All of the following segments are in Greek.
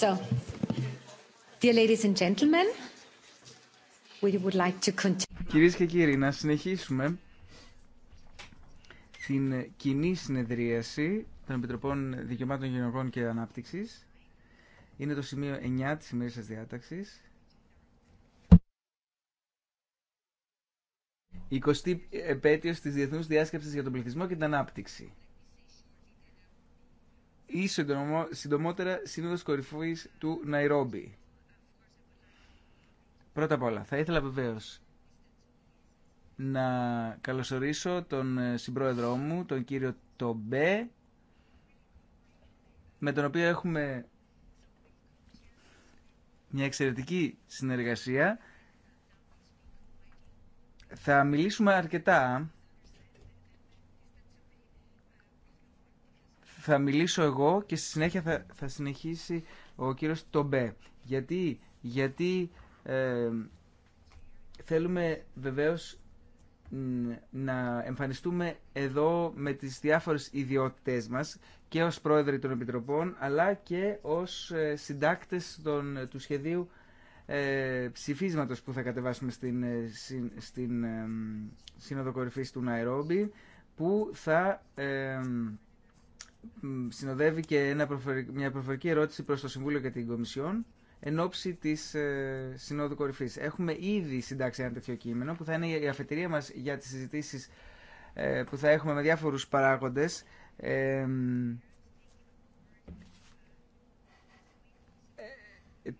So, dear ladies and gentlemen, would like to continue. Κυρίες και κύριοι, να συνεχίσουμε την κοινή συνεδρίαση των Επιτροπών Δικαιωμάτων Γενικών και Ανάπτυξης. Είναι το σημείο 9 της σας διαταξης διάταξης. 20η επέτειος της Διεθνούς Διάσκεψης για τον Πληθυσμό και την Ανάπτυξη ή συντομότερα Σύνοδος Κορυφής του Ναϊρόμπι. Πρώτα απ' όλα, θα ήθελα βεβαίως να καλωσορίσω τον ε, συμπρόεδρό μου, τον κύριο Τομπέ, με τον οποίο έχουμε μια εξαιρετική συνεργασία. Θα μιλήσουμε αρκετά θα μιλήσω εγώ και στη συνέχεια θα, θα συνεχίσει ο κύριος Τομπέ. Γιατί, γιατί ε, θέλουμε βεβαίως να εμφανιστούμε εδώ με τις διάφορες ιδιότητές μας και ως πρόεδροι των Επιτροπών αλλά και ως ε, συντάκτες των, ε, του σχεδίου ε, ψηφίσματος που θα κατεβάσουμε στην, στην, στην Σύνοδο Κορυφής του Ναϊρόμπι που θα ε, συνοδεύει και μια προφορική ερώτηση προς το Συμβούλιο και την Κομισιόν εν ώψη της ε, Συνόδου Κορυφής. Έχουμε ήδη συντάξει ένα τέτοιο κείμενο που θα είναι η αφετηρία μας για τις συζητήσεις ε, που θα έχουμε με διάφορους παράγοντες ε,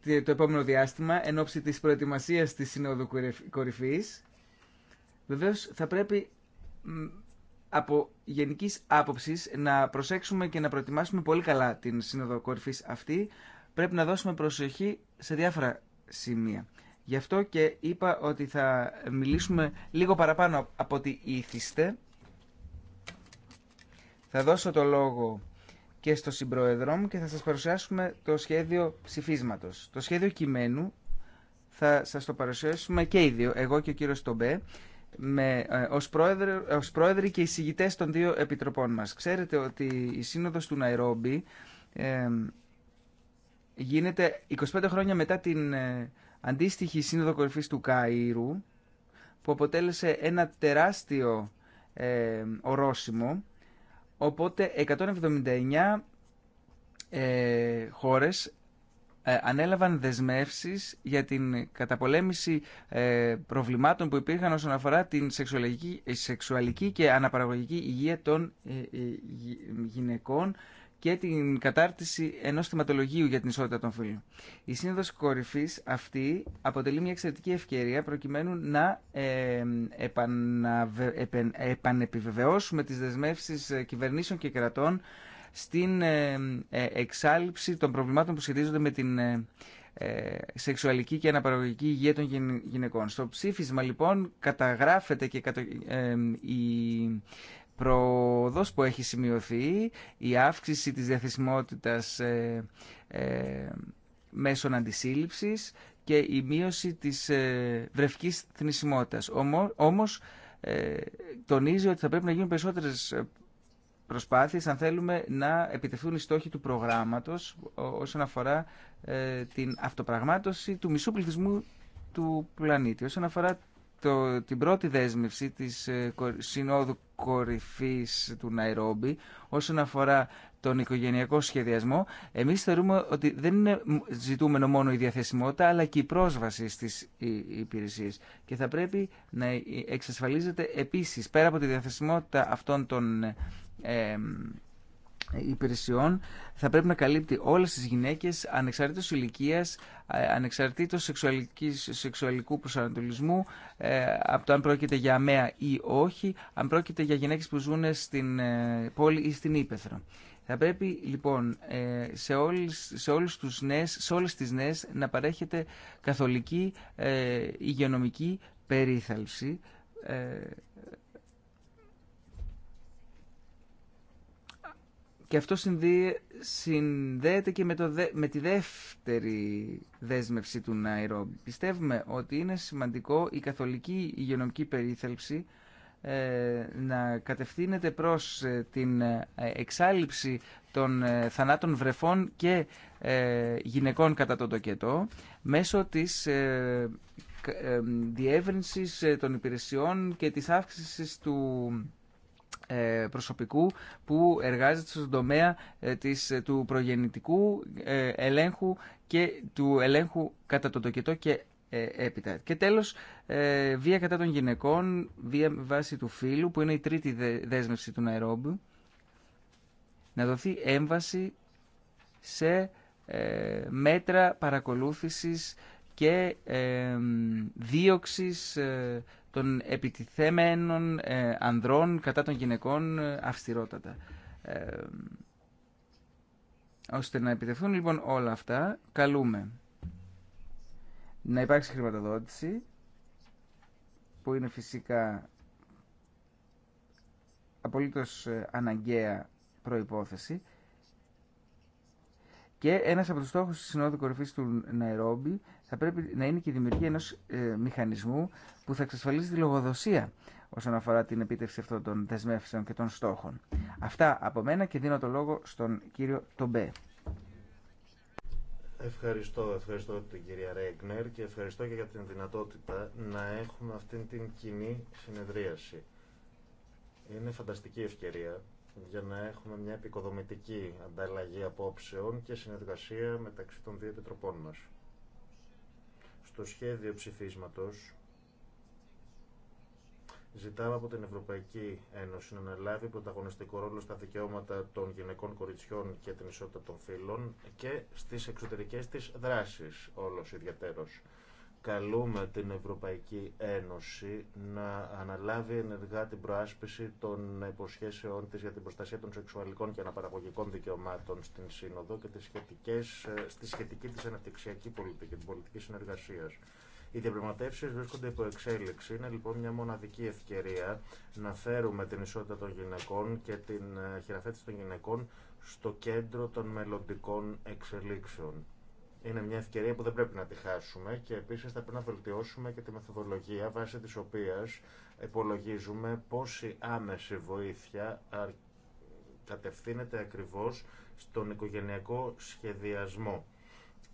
ε, το επόμενο διάστημα εν ώψη της προετοιμασίας της Συνόδου Κορυφής. Βεβαίως θα πρέπει από γενική άποψη να προσέξουμε και να προετοιμάσουμε πολύ καλά την Σύνοδο Κορυφή αυτή. Πρέπει να δώσουμε προσοχή σε διάφορα σημεία. Γι' αυτό και είπα ότι θα μιλήσουμε λίγο παραπάνω από ό,τι ήθιστε. Θα δώσω το λόγο και στο συμπροεδρό μου και θα σας παρουσιάσουμε το σχέδιο ψηφίσματος. Το σχέδιο κειμένου θα σας το παρουσιάσουμε και οι δύο, εγώ και ο κύριος Τομπέ με, ε, ως, πρόεδρο, ως πρόεδροι και εισηγητέ των δύο επιτροπών μας. Ξέρετε ότι η Σύνοδος του Ναϊρόμπι ε, γίνεται 25 χρόνια μετά την ε, αντίστοιχη Σύνοδο Κορυφής του Καΐρου που αποτέλεσε ένα τεράστιο ορόσημο οπότε 179 χώρες ε, ανέλαβαν δεσμεύσει για την καταπολέμηση ε, προβλημάτων που υπήρχαν όσον αφορά την σεξουαλική ε, και αναπαραγωγική υγεία των γυναικών και την κατάρτιση ενό θεματολογίου για την ισότητα των φίλων. Η σύνδεση Κορυφή αυτή αποτελεί μια εξαιρετική ευκαιρία προκειμένου να επανεπιβεβαιώσουμε τις δεσμεύσει κυβερνήσεων και κρατών στην ε, ε, εξάλληψη των προβλημάτων που σχετίζονται με την ε, σεξουαλική και αναπαραγωγική υγεία των γυναικών. Στο ψήφισμα λοιπόν καταγράφεται και η προοδός που έχει σημειωθεί, η αύξηση της διαθεσιμότητας μέσων αντισύλληψης και η μείωση της βρευκής θνησιμότητας. Όμως τονίζει ότι θα πρέπει να γίνουν περισσότερες αν θέλουμε να επιτευχθούν οι στόχοι του προγράμματος όσον αφορά ε, την αυτοπραγμάτωση του μισού πληθυσμού του πλανήτη. Όσον αφορά το, την πρώτη δέσμευση της ε, Συνόδου Κορυφής του Ναϊρόμπι, όσον αφορά τον οικογενειακό σχεδιασμό, εμείς θεωρούμε ότι δεν είναι ζητούμενο μόνο η διαθεσιμότητα, αλλά και η πρόσβαση στις υπηρεσίες. Και θα πρέπει να ε, εξασφαλίζεται επίσης, πέρα από τη διαθεσιμότητα αυτών των υπηρεσιών θα πρέπει να καλύπτει όλες τις γυναίκες ανεξαρτήτως ηλικίας, ε, ανεξαρτήτως σεξουαλικού προσανατολισμού, ε, από το αν πρόκειται για αμαία ή όχι, αν πρόκειται για γυναίκες που ζουν στην ε, πόλη ή στην ύπεθρο Θα πρέπει λοιπόν σε, όλες, σε, τους νέες, σε όλες τις νέες να παρέχεται καθολική ε, υγειονομική περίθαλψη Και αυτό συνδέεται και με, το, με τη δεύτερη δέσμευση του Ναϊρόμπι. Πιστεύουμε ότι είναι σημαντικό η καθολική υγειονομική περίθαλψη ε, να κατευθύνεται προς ε, την ε, εξάλληψη των θανάτων βρεφών και γυναικών κατά τον τοκετό μέσω της διεύρυνσης των υπηρεσιών και της αύξησης του ε, προσωπικού που εργάζεται στον τομέα ε, της, ε, του προγεννητικού ελέγχου και του ελέγχου κατά τον τοκετό και έπειτα. Και τέλος, βία κατά των γυναικών, βία με βάση του φίλου που είναι η τρίτη δέσμευση του Ναϊρόμπιου, να δοθεί έμβαση σε μέτρα παρακολούθησης και δίωξης των επιτιθέμενων ε, ανδρών κατά των γυναικών ε, αυστηρότατα. Ε, ώστε να επιτεθούν λοιπόν όλα αυτά, καλούμε να υπάρξει χρηματοδότηση που είναι φυσικά απολύτως αναγκαία προϋπόθεση και ένας από του στόχου τη Συνόδου Κορυφής του Ναϊρόμπι θα πρέπει να είναι και η δημιουργία ενό ε, μηχανισμού που θα εξασφαλίζει τη λογοδοσία όσον αφορά την επίτευξη αυτών των δεσμεύσεων και των στόχων. Αυτά από μένα και δίνω το λόγο στον κύριο Τομπέ. Ευχαριστώ, ευχαριστώ την κυρία Ρέγκνερ και ευχαριστώ και για την δυνατότητα να έχουμε αυτήν την κοινή συνεδρίαση. Είναι φανταστική ευκαιρία για να έχουμε μια επικοδομητική ανταλλαγή απόψεων και συνεργασία μεταξύ των δύο επιτροπών μας. Στο σχέδιο ψηφίσματος ζητάμε από την Ευρωπαϊκή Ένωση να αναλάβει πρωταγωνιστικό ρόλο στα δικαιώματα των γυναικών κοριτσιών και την ισότητα των φύλων και στις εξωτερικές της δράσεις όλος ιδιαίτερος καλούμε την Ευρωπαϊκή Ένωση να αναλάβει ενεργά την προάσπιση των υποσχέσεών της για την προστασία των σεξουαλικών και αναπαραγωγικών δικαιωμάτων στην Σύνοδο και τις σχετικές, ε, στη σχετική της αναπτυξιακή πολιτική, την πολιτική συνεργασία. Οι διαπραγματεύσει βρίσκονται υπό εξέλιξη. Είναι λοιπόν μια μοναδική ευκαιρία να φέρουμε την ισότητα των γυναικών και την ε, χειραφέτηση των γυναικών στο κέντρο των μελλοντικών εξελίξεων είναι μια ευκαιρία που δεν πρέπει να τη χάσουμε και επίσης θα πρέπει να βελτιώσουμε και τη μεθοδολογία βάσει της οποίας υπολογίζουμε πόση άμεση βοήθεια κατευθύνεται ακριβώς στον οικογενειακό σχεδιασμό.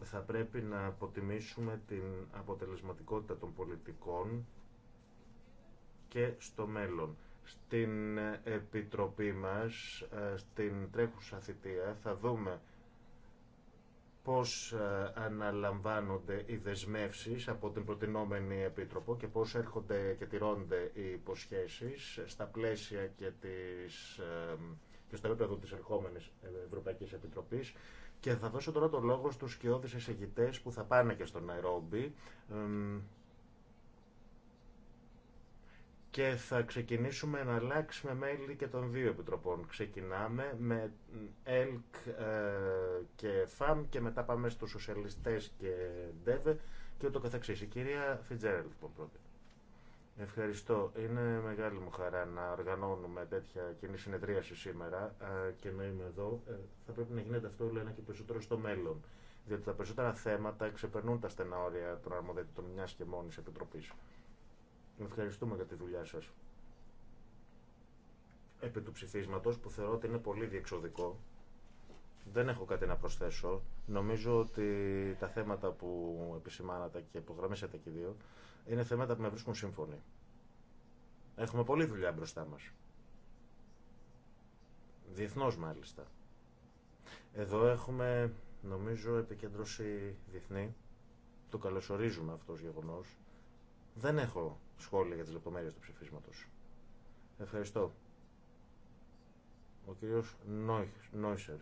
Θα πρέπει να αποτιμήσουμε την αποτελεσματικότητα των πολιτικών και στο μέλλον. Στην Επιτροπή μας, ε, στην τρέχουσα θητεία, θα δούμε πώς ε, αναλαμβάνονται οι δεσμεύσεις από την προτινόμενη Επίτροπο και πώς έρχονται και τηρώνται οι υποσχέσεις στα πλαίσια και, της, ε, και στο επίπεδο της ερχόμενης ε, Ευρωπαϊκής Επιτροπής. Και θα δώσω τώρα το λόγο στους σκιώδεις εισηγητές που θα πάνε και στο Ναϊρόμπι και θα ξεκινήσουμε να αλλάξουμε μέλη και των δύο επιτροπών. Ξεκινάμε με ΕΛΚ ε, και ΦΑΜ και μετά πάμε στους σοσιαλιστές και ΝΤΕΒΕ και ούτω καθεξής. Η κυρία Φιτζέρελ λοιπόν πρώτη. Ευχαριστώ. Είναι μεγάλη μου χαρά να οργανώνουμε τέτοια κοινή συνεδρίαση σήμερα ε, και να είμαι εδώ. Ε, θα πρέπει να γίνεται αυτό όλο ένα και περισσότερο στο μέλλον. Διότι τα περισσότερα θέματα ξεπερνούν τα στενά όρια των αρμοδιότητων μια και μόνη επιτροπή. Ευχαριστούμε για τη δουλειά σας. Επί του ψηφίσματος που θεωρώ ότι είναι πολύ διεξοδικό, δεν έχω κάτι να προσθέσω. Νομίζω ότι τα θέματα που επισημάνατε και υπογραμμίσατε και δύο είναι θέματα που με βρίσκουν σύμφωνοι. Έχουμε πολλή δουλειά μπροστά μας. Διεθνώς μάλιστα. Εδώ έχουμε, νομίζω, επικέντρωση διεθνή. Το καλωσορίζουμε αυτός γεγονός δεν έχω σχόλια για τις λεπτομέρειες του ψηφίσματος. Ευχαριστώ. Ο κύριος Νόισερ.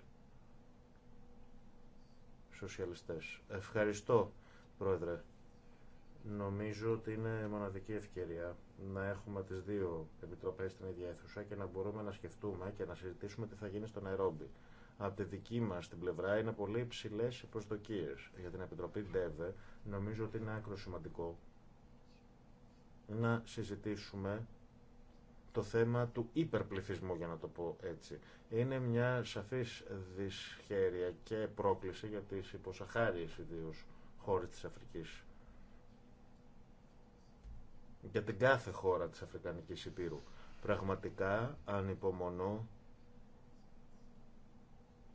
Σοσιαλιστές. Ευχαριστώ, Πρόεδρε. Νομίζω ότι είναι μοναδική ευκαιρία να έχουμε τις δύο επιτροπές στην ίδια αίθουσα και να μπορούμε να σκεφτούμε και να συζητήσουμε τι θα γίνει στο Νερόμπι. Από τη δική μα την πλευρά είναι πολύ υψηλέ οι για την Επιτροπή ΔΕΒΕ. Νομίζω ότι είναι άκρο σημαντικό να συζητήσουμε το θέμα του υπερπληθυσμού, για να το πω έτσι. Είναι μια σαφής δυσχέρεια και πρόκληση για τις υποσαχάριες ιδίω χώρες της Αφρικής. Για την κάθε χώρα της Αφρικανικής Υπήρου. Πραγματικά ανυπομονώ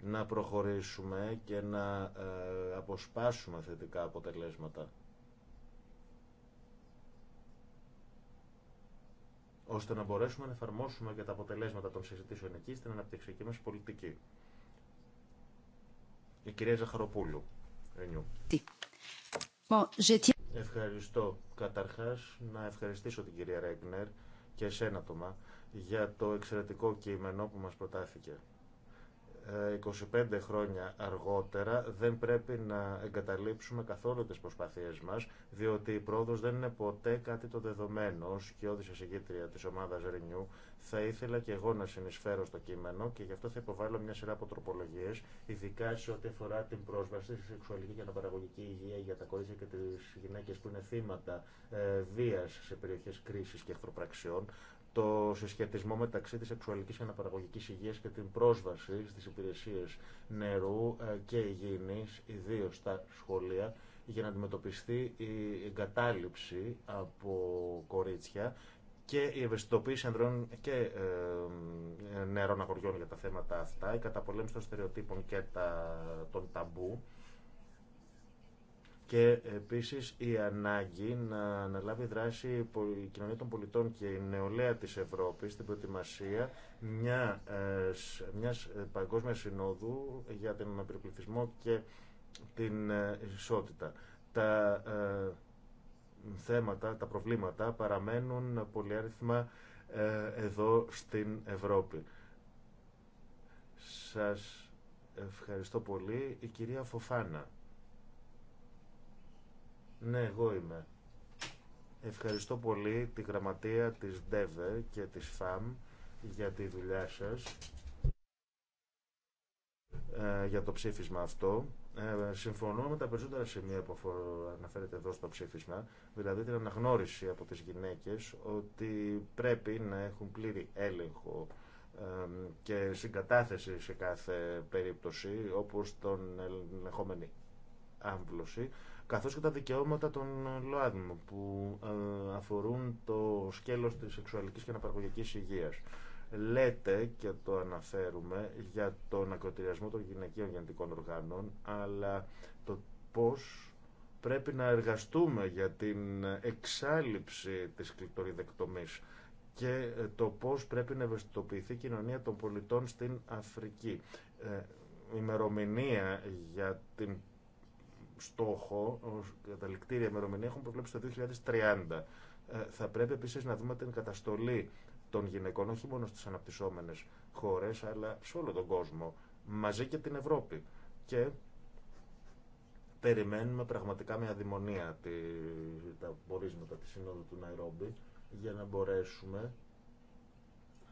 να προχωρήσουμε και να ε, αποσπάσουμε θετικά αποτελέσματα. ώστε να μπορέσουμε να εφαρμόσουμε και τα αποτελέσματα των συζητήσεων εκεί στην αναπτυξιακή μας πολιτική. Η κυρία Ζαχαροπούλου. Ευχαριστώ. Καταρχάς, να ευχαριστήσω την κυρία Ρέγνερ και εσένα, Τωμά, για το εξαιρετικό κείμενο που μας προτάθηκε. Ε, 25 χρόνια αργότερα δεν πρέπει να εγκαταλείψουμε καθόλου τις προσπαθίες μας διότι η πρόοδος δεν είναι ποτέ κάτι το δεδομένο ως κοιόδης εισηγήτρια της ομάδας Renew θα ήθελα και εγώ να συνεισφέρω στο κείμενο και γι' αυτό θα υποβάλω μια σειρά από τροπολογίες ειδικά σε ό,τι αφορά την πρόσβαση στη σεξουαλική και αναπαραγωγική υγεία για τα κορίτσια και τις γυναίκες που είναι θύματα ε, βίας σε περιοχές κρίσης και εχθροπραξιών το συσχετισμό μεταξύ της σεξουαλικής και αναπαραγωγικής υγείας και την πρόσβαση στις υπηρεσίες νερού ε, και υγιεινής, ιδίω στα σχολεία, για να αντιμετωπιστεί η εγκατάλειψη από κορίτσια και η ευαισθητοποίηση ανδρών και ε, νερών αγοριών για τα θέματα αυτά, η καταπολέμηση των στερεοτύπων και των ταμπού, και επίσης η ανάγκη να αναλάβει δράση η κοινωνία των πολιτών και η νεολαία της Ευρώπης στην προετοιμασία μια, ε, μιας ε, παγκόσμιας συνόδου για τον περιπληθισμό και την ε, ισότητα. Τα θέματα, τα προβλήματα παραμένουν πολυάριθμα εδώ στην Ευρώπη. Σας ευχαριστώ πολύ. Η κυρία Φοφάνα. Ναι, εγώ είμαι. Ευχαριστώ πολύ τη γραμματεία της ΔΕΒΕ και της ΦΑΜ για τη δουλειά σας, ε, για το ψήφισμα αυτό. Ε, συμφωνώ με τα περισσότερα σημεία που αναφέρεται εδώ στο ψήφισμα, δηλαδή την αναγνώριση από τις γυναίκες ότι πρέπει να έχουν πλήρη έλεγχο ε, και συγκατάθεση σε κάθε περίπτωση, όπως τον ελεγχόμενη άμβλωση, καθώς και τα δικαιώματα των ΛΟΑΔΜ που ε, αφορούν το σκέλος της σεξουαλικής και αναπαραγωγικής υγείας. Λέτε, και το αναφέρουμε, για τον ακροτηριασμό των γυναικείων γεννητικών οργάνων, αλλά το πώς πρέπει να εργαστούμε για την εξάλληψη της κλειτοριδεκτομής και ε, το πώς πρέπει να ευαισθητοποιηθεί η κοινωνία των πολιτών στην Αφρική. Ε, ημερομηνία για την στόχο, ως καταληκτήρια ημερομηνία έχουν προβλέψει το 2030. Ε, θα πρέπει επίσης να δούμε την καταστολή των γυναικών, όχι μόνο στι αναπτυσσόμενες χώρες, αλλά σε όλο τον κόσμο, μαζί και την Ευρώπη. Και περιμένουμε πραγματικά με αδημονία τη, τα πορίσματα της Συνόδου του Ναϊρόμπι για να μπορέσουμε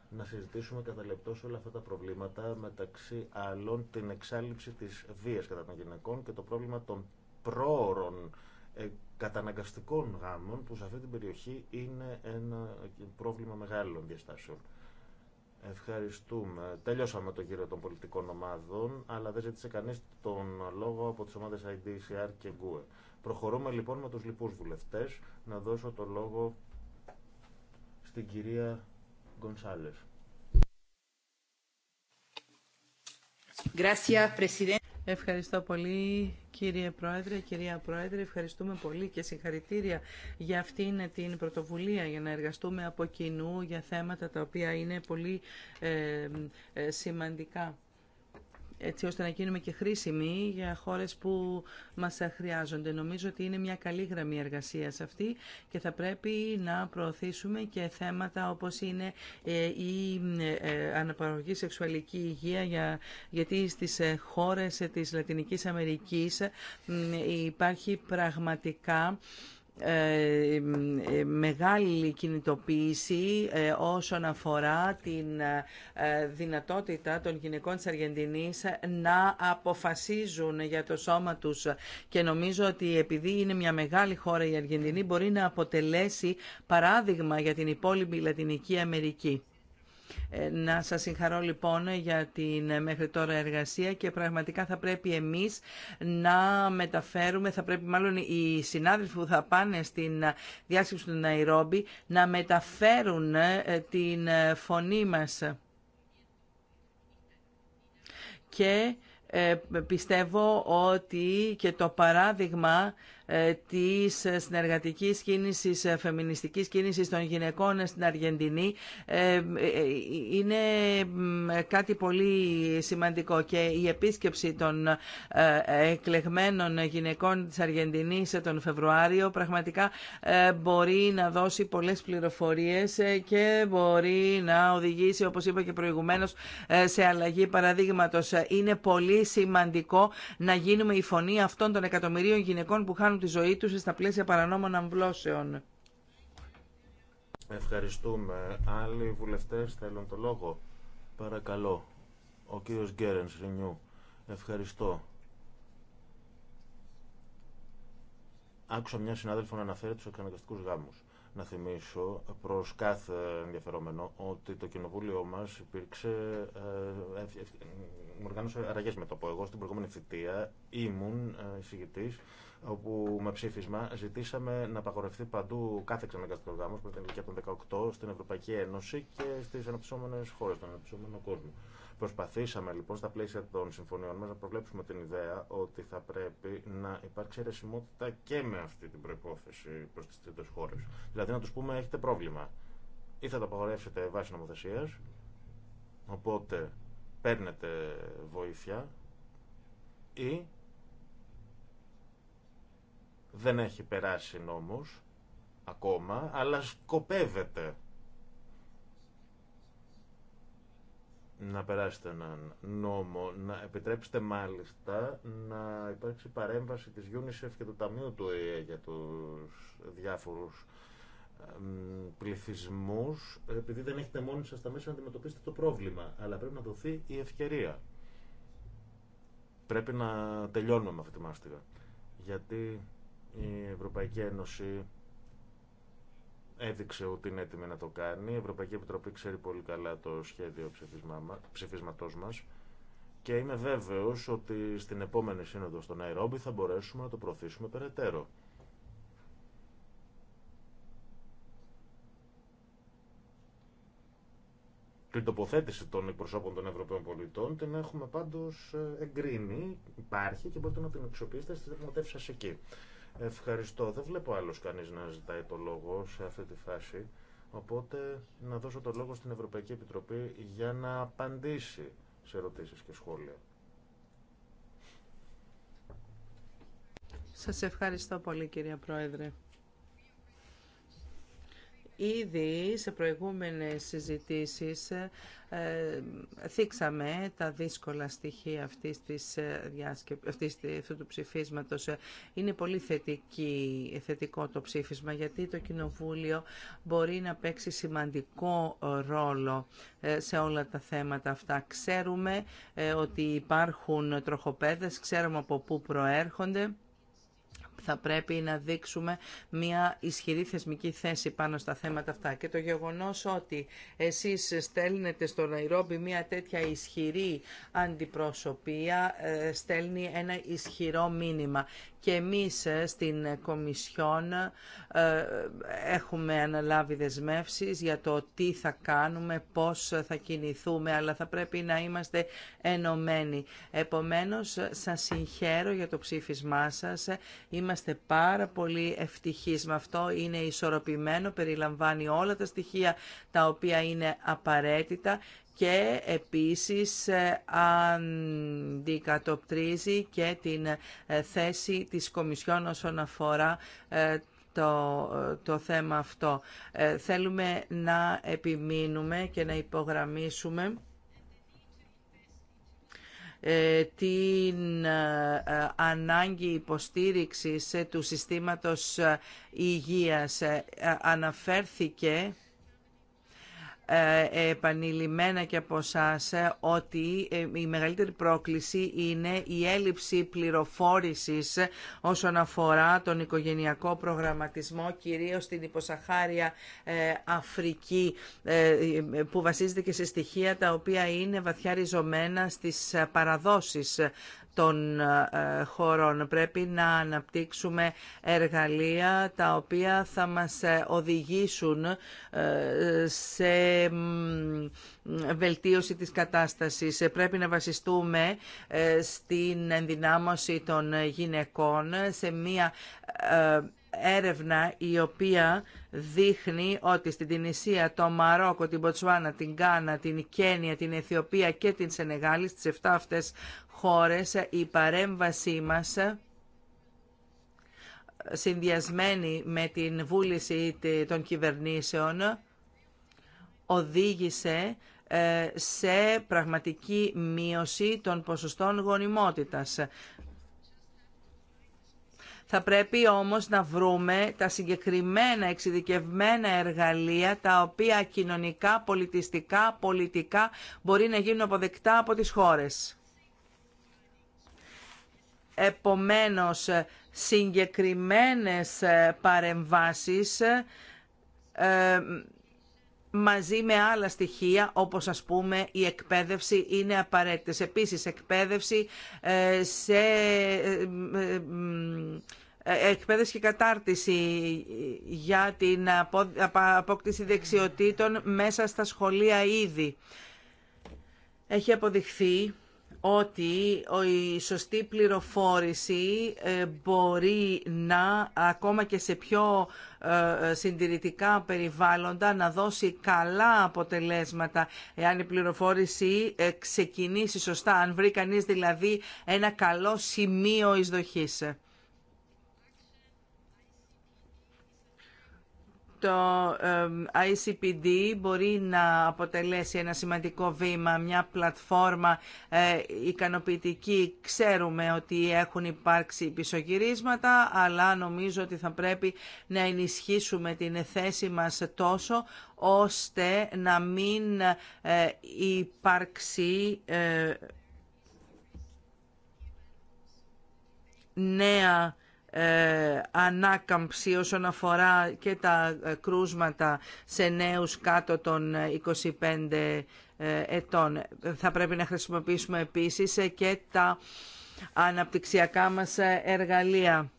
να συζητήσουμε κατά όλα αυτά τα προβλήματα μεταξύ άλλων την εξάλληψη της βίας κατά των γυναικών και το πρόβλημα των πρόωρων ε, καταναγκαστικών γάμων που σε αυτή την περιοχή είναι ένα πρόβλημα μεγάλων διαστάσεων. Ευχαριστούμε. Τελειώσαμε το γύρο των πολιτικών ομάδων, αλλά δεν ζήτησε κανείς τον λόγο από τις ομάδες IDCR και GUE. Προχωρούμε λοιπόν με τους λοιπούς βουλευτές. Να δώσω το λόγο στην κυρία Γκονσάλες. Ευχαριστώ πολύ κύριε Πρόεδρε, κυρία Πρόεδρε, ευχαριστούμε πολύ και συγχαρητήρια για αυτήν την πρωτοβουλία για να εργαστούμε από κοινού για θέματα τα οποία είναι πολύ ε, ε, σημαντικά έτσι ώστε να γίνουμε και χρήσιμοι για χώρες που μας χρειάζονται. Νομίζω ότι είναι μια καλή γραμμή εργασίας αυτή και θα πρέπει να προωθήσουμε και θέματα όπως είναι ε, η ε, αναπαραγωγή σεξουαλική υγεία για, γιατί στις ε, χώρες της Λατινικής Αμερικής υπάρχει πραγματικά ε, ε, μεγάλη κινητοποίηση ε, όσον αφορά την δυνατότητα των γυναικών της Αργεντινής να αποφασίζουν για το σώμα τους και νομίζω ότι επειδή είναι μια μεγάλη χώρα η Αργεντινή μπορεί να αποτελέσει παράδειγμα για την υπόλοιπη Λατινική Αμερική. Ε, να σας συγχαρώ λοιπόν για την ε, μέχρι τώρα εργασία και πραγματικά θα πρέπει εμείς να μεταφέρουμε, θα πρέπει μάλλον οι συνάδελφοι που θα πάνε στην ε, διάσκεψη του Ναϊρόμπι να μεταφέρουν την φωνή μας. Και πιστεύω ότι και το παράδειγμα ε, της συνεργατικής κίνησης, ε, φεμινιστικής κίνησης των γυναικών στην Αργεντινή ε, είναι κάτι πολύ σημαντικό και η επίσκεψη των εκλεγμένων γυναικών της Αργεντινής τον Φεβρουάριο πραγματικά μπορεί να δώσει πολλές πληροφορίες και μπορεί να οδηγήσει, όπως είπα και προηγουμένως, σε αλλαγή παραδείγματος. Είναι πολύ σημαντικό να γίνουμε η φωνή αυτών των εκατομμυρίων γυναικών που χάνουν τη ζωή τους στα πλαίσια παρανόμων αμβλώσεων. Ευχαριστούμε. Άλλοι βουλευτές θέλουν το λόγο. Παρακαλώ. Ο κύριος Γκέρενς Ρινιού. Ευχαριστώ. Άκουσα μια συνάδελφο να αναφέρει τους εξαναγκαστικούς γάμους να θυμίσω προς κάθε ενδιαφερόμενο ότι το κοινοβούλιο μας υπήρξε, ε, ε, ε, μου οργάνωσε αραγές με το πω. Εγώ στην προηγούμενη θητεία ήμουν ε, εισηγητής όπου με ψήφισμα ζητήσαμε να απαγορευτεί παντού κάθε εξαναγκαστικό γάμο πριν την ηλικία των 18 στην Ευρωπαϊκή Ένωση και στι αναπτυσσόμενε χώρε, στον αναπτυσσόμενο κόσμο. Προσπαθήσαμε λοιπόν στα πλαίσια των συμφωνιών μα να προβλέψουμε την ιδέα ότι θα πρέπει να υπάρξει αιρεσιμότητα και με αυτή την προπόθεση προ τι τρίτε χώρε. Δηλαδή να του πούμε έχετε πρόβλημα ή θα το απαγορεύσετε βάσει νομοθεσία, οπότε παίρνετε βοήθεια ή δεν έχει περάσει νόμος ακόμα, αλλά σκοπεύεται. να περάσετε έναν νόμο, να επιτρέψετε μάλιστα να υπάρξει παρέμβαση της UNICEF και του Ταμείου του ΕΕ για τους διάφορους πληθυσμούς, επειδή δεν έχετε μόνοι σας τα μέσα να αντιμετωπίσετε το πρόβλημα, αλλά πρέπει να δοθεί η ευκαιρία. Πρέπει να τελειώνουμε με αυτή τη μάστιγα, γιατί η Ευρωπαϊκή Ένωση έδειξε ότι είναι έτοιμη να το κάνει. Η Ευρωπαϊκή Επιτροπή ξέρει πολύ καλά το σχέδιο ψηφισματό μας και είμαι βέβαιος ότι στην επόμενη σύνοδο στο Ναϊρόμπι θα μπορέσουμε να το προωθήσουμε περαιτέρω. Την τοποθέτηση των εκπροσώπων των Ευρωπαίων πολιτών την έχουμε πάντως ε, εγκρίνει, υπάρχει και μπορείτε να την αξιοποιήσετε στις δημοτεύσεις εκεί. Ευχαριστώ. Δεν βλέπω άλλος κανείς να ζητάει το λόγο σε αυτή τη φάση. Οπότε να δώσω το λόγο στην Ευρωπαϊκή Επιτροπή για να απαντήσει σε ερωτήσεις και σχόλια. Σας ευχαριστώ πολύ κυρία Πρόεδρε. Ήδη σε προηγούμενες συζητήσεις ε, θίξαμε τα δύσκολα στοιχεία αυτής της ε, διάσκε... αυτού του ψηφίσματος. Ε, είναι πολύ θετική, θετικό το ψήφισμα γιατί το Κοινοβούλιο μπορεί να παίξει σημαντικό ρόλο σε όλα τα θέματα αυτά. Ξέρουμε ότι υπάρχουν τροχοπέδες, ξέρουμε από πού προέρχονται θα πρέπει να δείξουμε μια ισχυρή θεσμική θέση πάνω στα θέματα αυτά. Και το γεγονός ότι εσείς στέλνετε στο Ναϊρόμπι μια τέτοια ισχυρή αντιπροσωπεία στέλνει ένα ισχυρό μήνυμα. Και εμείς ε, στην Κομισιόν ε, έχουμε αναλάβει δεσμεύσεις για το τι θα κάνουμε, πώς θα κινηθούμε, αλλά θα πρέπει να είμαστε ενωμένοι. Επομένως, σας συγχαίρω για το ψήφισμά σας. Είμαστε πάρα πολύ ευτυχείς με αυτό. Είναι ισορροπημένο, περιλαμβάνει όλα τα στοιχεία τα οποία είναι απαραίτητα και επίσης ε, αντικατοπτρίζει και την ε, θέση της Κομισιόν όσον αφορά ε, το, το θέμα αυτό. Θέλουμε να επιμείνουμε και να υπογραμμίσουμε ε, την ε, ε, ανάγκη υποστήριξης του συστήματος υγείας. Αναφέρθηκε ε, επανειλημμένα και από εσά ε, ότι ε, η μεγαλύτερη πρόκληση είναι η έλλειψη πληροφόρησης όσον αφορά τον οικογενειακό προγραμματισμό, κυρίως στην υποσαχάρια Αφρική, που βασίζεται και σε στοιχεία τα οποία είναι βαθιά ριζωμένα στις παραδόσεις των ε, χωρών. Πρέπει να αναπτύξουμε εργαλεία τα οποία θα μας ε, οδηγήσουν ε, σε βελτίωση της κατάστασης. Πρέπει να βασιστούμε στην ενδυνάμωση των γυναικών σε μία έρευνα η οποία δείχνει ότι στην Τινησία, το Μαρόκο, την Ποτσουάνα, την Κάνα, την Κένια, την Αιθιοπία και την Σενεγάλη, στις 7 αυτές χώρες ε, η παρέμβασή μας ε, συνδυασμένη με την βούληση των κυβερνήσεων οδήγησε ε, σε πραγματική μείωση των ποσοστών γονιμότητας. Θα πρέπει όμως να βρούμε τα συγκεκριμένα εξειδικευμένα εργαλεία τα οποία κοινωνικά, πολιτιστικά, πολιτικά μπορεί να γίνουν αποδεκτά από τις χώρες. Επομένως, συγκεκριμένες ε, παρεμβάσεις ε, μαζί με άλλα στοιχεία, όπως ας πούμε η εκπαίδευση, είναι απαραίτητες. Επίσης, εκπαίδευση ε, σε εκπαίδευση και κατάρτιση για την απόκτηση δεξιοτήτων μέσα στα σχολεία ήδη. Έχει αποδειχθεί ότι η σωστή πληροφόρηση ε, μπορεί να, ακόμα και σε πιο ε, συντηρητικά περιβάλλοντα, να δώσει καλά αποτελέσματα. Εάν η πληροφόρηση ε, ξεκινήσει σωστά, αν βρει κανείς δηλαδή ένα καλό σημείο εισδοχής. το ICPD μπορεί να αποτελέσει ένα σημαντικό βήμα, μια πλατφόρμα ε, ικανοποιητική. Ξέρουμε ότι έχουν υπάρξει πισωγυρίσματα, αλλά νομίζω ότι θα πρέπει να ενισχύσουμε την θέση μας τόσο, ώστε να μην ε, υπάρξει ε, νέα ε, ανάκαμψη όσον αφορά και τα ε, κρούσματα σε νέους κάτω των 25 ε, ετών. Θα πρέπει να χρησιμοποιήσουμε επίσης και τα αναπτυξιακά μας εργαλεία.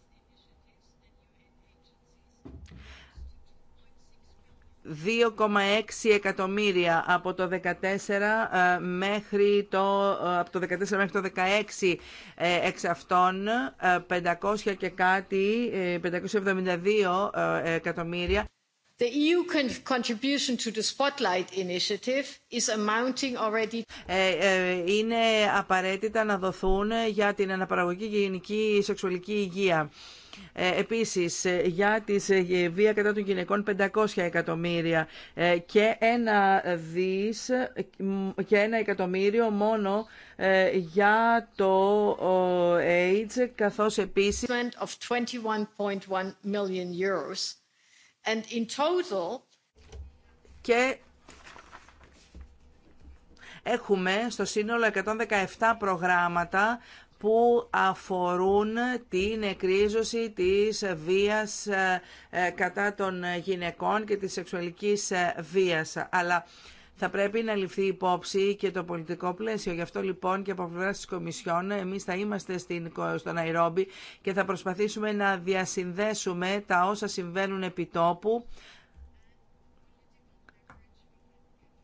2,6 εκατομμύρια από το 14 ε, μέχρι το, ε, από το 14 μέχρι το 16 ε, εξ αυτών 500 και κάτι 572 εκατομμύρια The EU contribution to the Spotlight Initiative is amounting already. είναι απαραίτητα να δοθούν για την αναπαραγωγική γενική σεξουαλική υγεία. Ε, επίσης, ε, για τη ε, βία κατά των γυναικών 500 εκατομμύρια και ένα δις και ένα εκατομμύριο μόνο για το AIDS, καθώς επίσης... Of euros. And in total... Και έχουμε στο σύνολο 117 προγράμματα που αφορούν την εκρίζωση της βίας ε, ε, κατά των γυναικών και της σεξουαλικής ε, βίας. Αλλά θα πρέπει να ληφθεί υπόψη και το πολιτικό πλαίσιο. Γι' αυτό λοιπόν και από πλευρά τη Κομισιόν εμεί θα είμαστε στην, στο και θα προσπαθήσουμε να διασυνδέσουμε τα όσα συμβαίνουν επί τόπου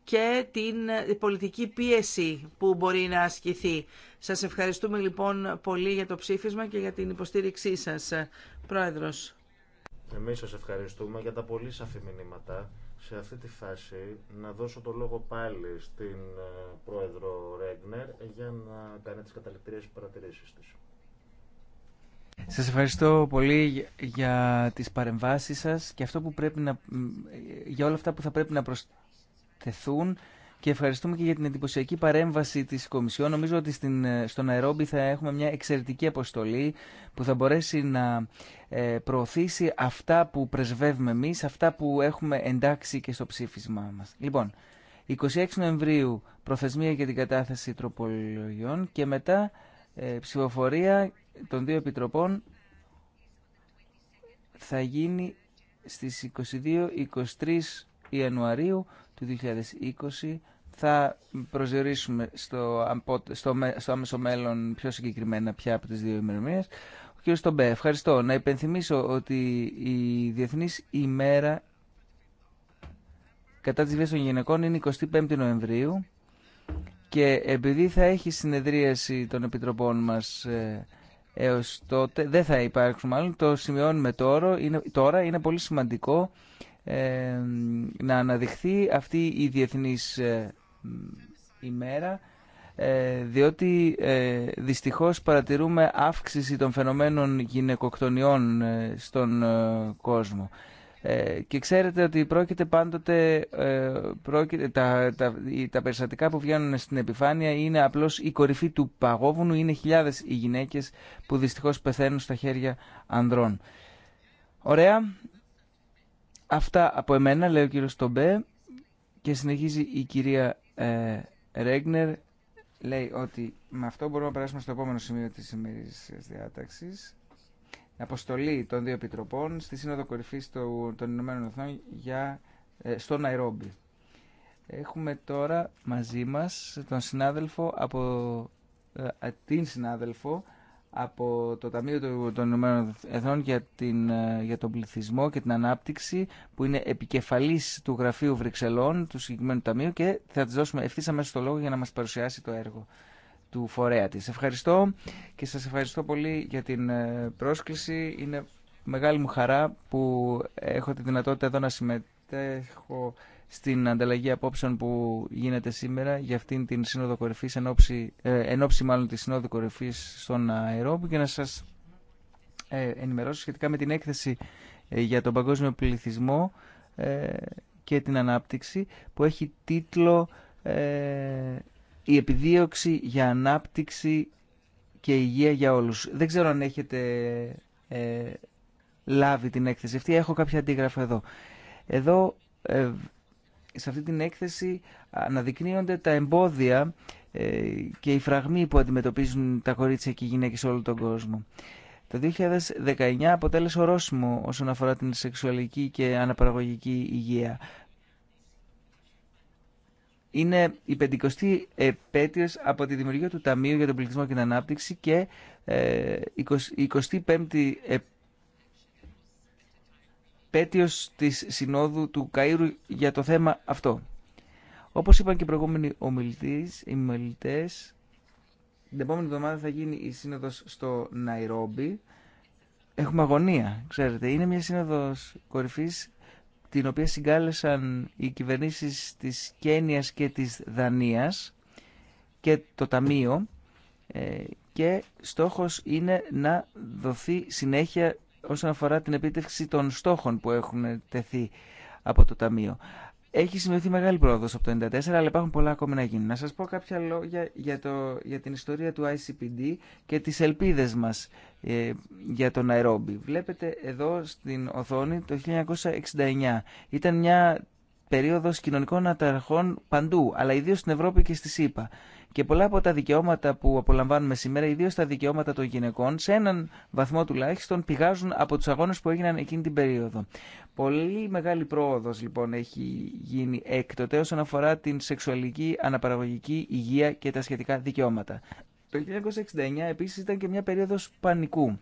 και την πολιτική πίεση που μπορεί να ασκηθεί. Σας ευχαριστούμε λοιπόν πολύ για το ψήφισμα και για την υποστήριξή σας, Πρόεδρος. Εμείς σας ευχαριστούμε για τα πολύ σαφή μηνύματα. Σε αυτή τη φάση να δώσω το λόγο πάλι στην ε, Πρόεδρο Ρέγνερ για να κάνει τις καταληκτήριες παρατηρήσεις της. Σας ευχαριστώ πολύ για τις παρεμβάσεις σας και αυτό που πρέπει να, για όλα αυτά που θα πρέπει να προσθέσουμε τεθούν και ευχαριστούμε και για την εντυπωσιακή παρέμβαση της Κομισιόν. Νομίζω ότι στην, ε, στο θα έχουμε μια εξαιρετική αποστολή που θα μπορέσει να ε, προωθήσει αυτά που πρεσβεύουμε εμείς, αυτά που έχουμε εντάξει και στο ψήφισμά μας. Λοιπόν, 26 Νοεμβρίου προθεσμία για την κατάθεση τροπολογιών και μετά ε, ψηφοφορία των δύο επιτροπών θα γίνει στις 22-23 Ιανουαρίου του 2020 θα προσδιορίσουμε στο, στο, στο άμεσο μέλλον πιο συγκεκριμένα πια από τις δύο ημερομηνίες. Ο κ. Στομπέ, ευχαριστώ. Να υπενθυμίσω ότι η Διεθνής ημέρα κατά της βίας των γυναικών είναι 25 η Νοεμβρίου και επειδή θα έχει συνεδρίαση των επιτροπών μας ε, έως τότε, δεν θα υπάρξουν μάλλον, το σημειώνουμε τώρα, είναι, τώρα, είναι πολύ σημαντικό ε, να αναδειχθεί αυτή η διεθνής ε, ημέρα ε, διότι δυστυχώς παρατηρούμε αύξηση των φαινομένων γυναικοκτονιών στον κόσμο. Και ξέρετε ότι πρόκειται πάντοτε, πρόκειται, τα, τα, τα περιστατικά που βγαίνουν στην επιφάνεια είναι απλώς η κορυφή του παγόβουνου, είναι χιλιάδες οι γυναίκες που δυστυχώς πεθαίνουν στα χέρια ανδρών. Ωραία, Αυτά από εμένα, λέει ο κύριος Τομπέ και συνεχίζει η κυρία ε, Ρέγνερ. Λέει ότι με αυτό μπορούμε να περάσουμε στο επόμενο σημείο της σημερινής διάταξης. Αποστολή των δύο επιτροπών στη Σύνοδο Κορυφής των Ηνωμένων Εθνών για, ε, στο Ναϊρόμπι. Έχουμε τώρα μαζί μας τον συνάδελφο από ε, την συνάδελφο από το Ταμείο των Ηνωμένων Εθνών για, την, ε, για τον πληθυσμό και την ανάπτυξη που είναι επικεφαλής του Γραφείου Βρυξελών του συγκεκριμένου Ταμείου και θα της δώσουμε ευθύς αμέσως το λόγο για να μας παρουσιάσει το έργο του φορέα της. Ευχαριστώ και σας ευχαριστώ πολύ για την ε, πρόσκληση. Είναι μεγάλη μου χαρά που έχω τη δυνατότητα εδώ να συμμετέχω στην ανταλλαγή απόψεων που γίνεται σήμερα για αυτήν την σύνοδο κορυφής, εν ώψη, ε, μάλλον τη σύνοδο κορυφή στον αερόπου και να σας ε, ενημερώσω σχετικά με την έκθεση ε, για τον παγκόσμιο πληθυσμό και την ανάπτυξη που έχει τίτλο «Η επιδίωξη για ανάπτυξη και υγεία για όλους». Δεν ξέρω αν έχετε λάβει την έκθεση αυτή, έχω κάποια αντίγραφα εδώ. Εδώ σε αυτή την έκθεση αναδεικνύονται τα εμπόδια ε, και οι φραγμοί που αντιμετωπίζουν τα κορίτσια και οι γυναίκες σε όλο τον κόσμο. Το 2019 αποτέλεσε ορόσημο όσον αφορά την σεξουαλική και αναπαραγωγική υγεία. Είναι η πεντηκοστή η από τη δημιουργία του Ταμείου για τον Πληθυσμό και την Ανάπτυξη και ε, η 25η επέτειος επέτειος της Συνόδου του Καΐρου για το θέμα αυτό. Όπως είπαν και οι προηγούμενοι ομιλητές, οι ομιλητές την επόμενη εβδομάδα θα γίνει η σύνοδος στο Ναϊρόμπι. Έχουμε αγωνία, ξέρετε. Είναι μια σύνοδος κορυφής την οποία συγκάλεσαν οι κυβερνήσεις της Κένιας και της Δανίας και το Ταμείο ε, και στόχος είναι να δοθεί συνέχεια όσον αφορά την επίτευξη των στόχων που έχουν τεθεί από το Ταμείο. Έχει σημειωθεί μεγάλη πρόοδο από το 1994, αλλά υπάρχουν πολλά ακόμη να γίνουν. Να σα πω κάποια λόγια για, το, για την ιστορία του ICPD και τι ελπίδε μα ε, για τον Ναϊρόμπι. Βλέπετε εδώ στην οθόνη το 1969. Ήταν μια περίοδος κοινωνικών αναταραχών παντού, αλλά ιδίως στην Ευρώπη και στη ΣΥΠΑ. Και πολλά από τα δικαιώματα που απολαμβάνουμε σήμερα, ιδίως τα δικαιώματα των γυναικών, σε έναν βαθμό τουλάχιστον πηγάζουν από τους αγώνες που έγιναν εκείνη την περίοδο. Πολύ μεγάλη πρόοδος λοιπόν έχει γίνει έκτοτε όσον αφορά την σεξουαλική αναπαραγωγική υγεία και τα σχετικά δικαιώματα. Το 1969 επίσης ήταν και μια περίοδος πανικού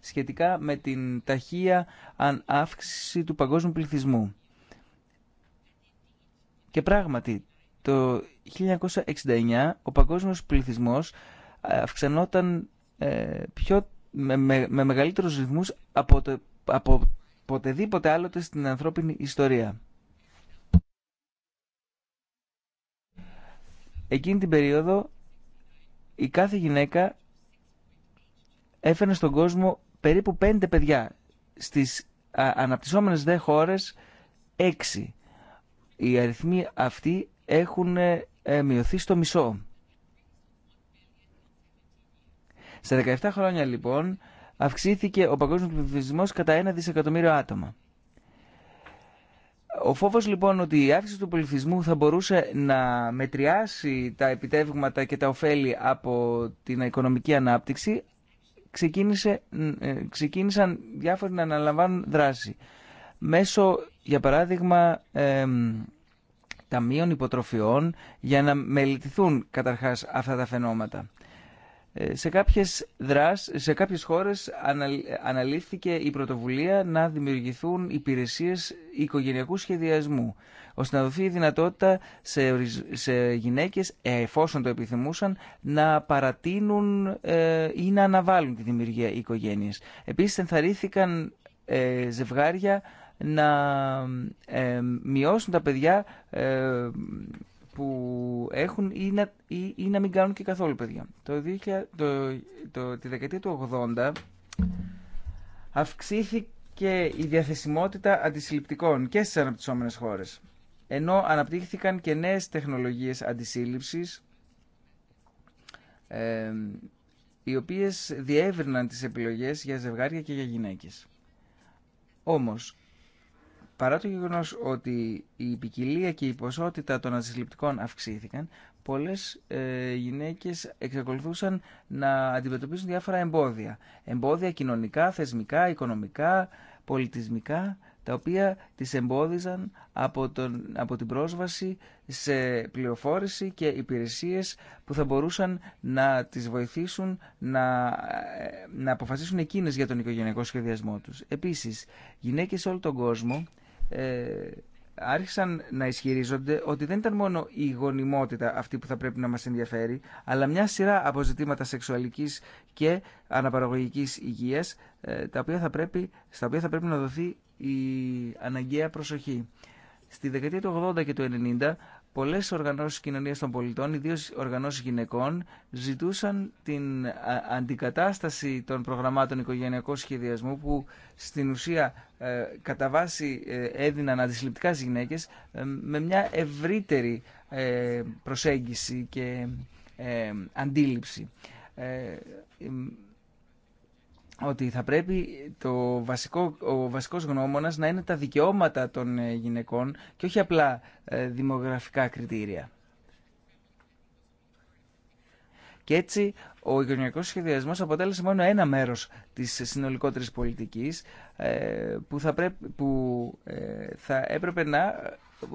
σχετικά με την ταχεία αύξηση του παγκόσμιου πληθυσμού. Και πράγματι, το 1969 ο παγκόσμιος πληθυσμός ε, αυξανόταν ε, πιο, με, με, με μεγαλύτερους ρυθμούς από, το, από ποτεδήποτε άλλοτε στην ανθρώπινη ιστορία. Εκείνη την περίοδο η κάθε γυναίκα έφερε στον κόσμο περίπου πέντε παιδιά. Στις αναπτυσσόμενες δε χώρες έξι. Οι αριθμοί αυτοί έχουν ε, ε, μειωθεί στο μισό. Στα 17 χρόνια λοιπόν αυξήθηκε ο παγκόσμιος πληθυσμός κατά ένα δισεκατομμύριο άτομα. Ο φόβος λοιπόν ότι η αύξηση του πολιτισμού θα μπορούσε να μετριάσει τα επιτεύγματα και τα ωφέλη από την οικονομική ανάπτυξη ξεκίνησε, ε, ξεκίνησαν διάφοροι να αναλαμβάνουν δράση μέσω, για παράδειγμα, ταμείων υποτροφιών για να μελετηθούν καταρχάς αυτά τα φαινόματα. Ε, σε κάποιες, δράσ, σε κάποιες χώρες ανα, η πρωτοβουλία να δημιουργηθούν υπηρεσίες οικογενειακού σχεδιασμού, ώστε να δοθεί η δυνατότητα σε, σε γυναίκες, ε, εφόσον το επιθυμούσαν, να παρατείνουν ε, ή να αναβάλουν τη δημιουργία οικογένειας. Επίσης ενθαρρύθηκαν ζευγάρια να ε, μειώσουν τα παιδιά που έχουν ή να, μην κάνουν και καθόλου παιδιά. Το, το, τη δεκαετία του 80 αυξήθηκε η διαθεσιμότητα αντισυλληπτικών και στις αναπτυσσόμενες χώρες. Ενώ αναπτύχθηκαν και νέες τεχνολογίες αντισύλληψης ε, οι οποίες διεύρυναν τις επιλογές για ζευγάρια και για γυναίκες. Όμως, Παρά το γεγονό ότι η ποικιλία και η ποσότητα των αντισυλληπτικών αυξήθηκαν, πολλές ε, γυναίκες εξακολουθούσαν να αντιμετωπίζουν διάφορα εμπόδια. Εμπόδια κοινωνικά, θεσμικά, οικονομικά, πολιτισμικά, τα οποία τις εμπόδιζαν από, τον, από την πρόσβαση σε πληροφόρηση και υπηρεσίες που θα μπορούσαν να τι βοηθήσουν να, ε, να αποφασίσουν εκείνε για τον οικογενειακό σχεδιασμό τους. Επίσης, γυναίκε σε όλο τον κόσμο ε, άρχισαν να ισχυρίζονται ότι δεν ήταν μόνο η γονιμότητα αυτή που θα πρέπει να μας ενδιαφέρει, αλλά μια σειρά από ζητήματα σεξουαλικής και αναπαραγωγικής υγείας, ε, τα οποία θα πρέπει, στα οποία θα πρέπει να δοθεί η αναγκαία προσοχή. Στη δεκαετία του 80 και του 90 πολλές οργανώσεις κοινωνίας των πολιτών, ιδίω οργανώσεις γυναικών, ζητούσαν την αντικατάσταση των προγραμμάτων οικογενειακού σχεδιασμού που στην ουσία ε, κατά βάση ε, έδιναν αντισυλληπτικά γυναίκες ε, με μια ευρύτερη προσέγγιση και αντίληψη ότι θα πρέπει το βασικό, ο βασικός γνώμονας να είναι τα δικαιώματα των ε, γυναικών και όχι απλά ε, δημογραφικά κριτήρια. Και έτσι ο οικονομικός σχεδιασμός αποτέλεσε μόνο ένα μέρος της συνολικότερης πολιτικής ε, που θα, πρέπει, που θα έπρεπε να